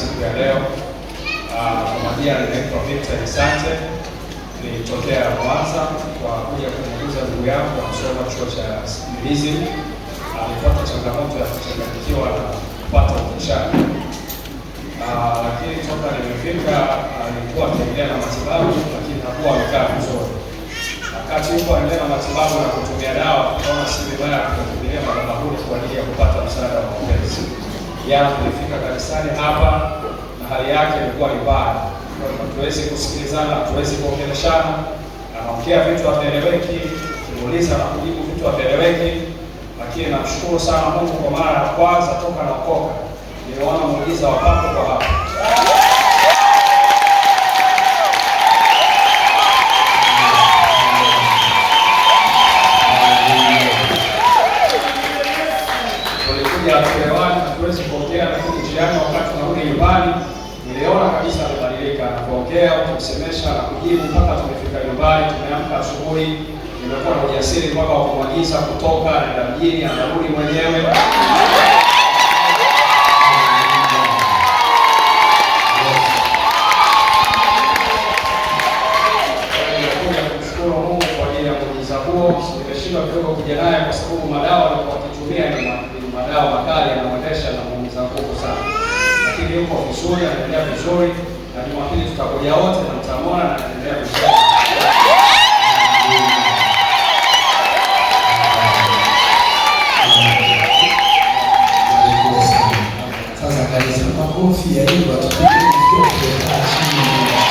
siku ya leo ah, kwa majina ninaitwa Victor Isante, nilitokea Mwanza kwa kuja kumguza ndugu yangu akusoma chuo cha Sikilizi. Alipata ah, changamoto ya kuchanganyikiwa na kupata ufushani, ah, lakini toka nimefika alikuwa akiendelea na matibabu, lakini hakuwa amekaa vizuri. Wakati huko anaendelea na matibabu na kutumia dawa, tukaona si vibaya kumkimbilia madhabahuni kwa ajili ya kupata msaada wa maombezi jana tulifika kanisani hapa na hali yake ilikuwa ni mbaya, hatuwezi kusikilizana, hatuwezi kuongeleshana, anaongea vitu havieleweki, kuuliza na kujibu vitu havieleweki. Lakini namshukuru sana Mungu kwa mara ya kwanza toka naokoka niliona muujiza wa papo kwa walikuja hatuelewani, hatuwezi kuongea, lakini jirani, wakati tunarudi nyumbani, niliona kabisa amebadilika na kuongea, kumsemesha na kujibu, mpaka tumefika nyumbani, tumeamka asubuhi, nimekuwa na ujasiri mpaka wa kumwagiza kutoka, anaenda mjini, anarudi mwenyewe. Nimeshindwa kidogo kuja naye kwa sababu madawa alikuwa akitumia makali anaonesha na kuongeza nguvu sana, lakini yuko vizuri, anaendelea vizuri, na Jumapili tutakuja wote na mtamwona na anaendelea vizuri. Sasa kanisa makofi ya leo tupige makofi.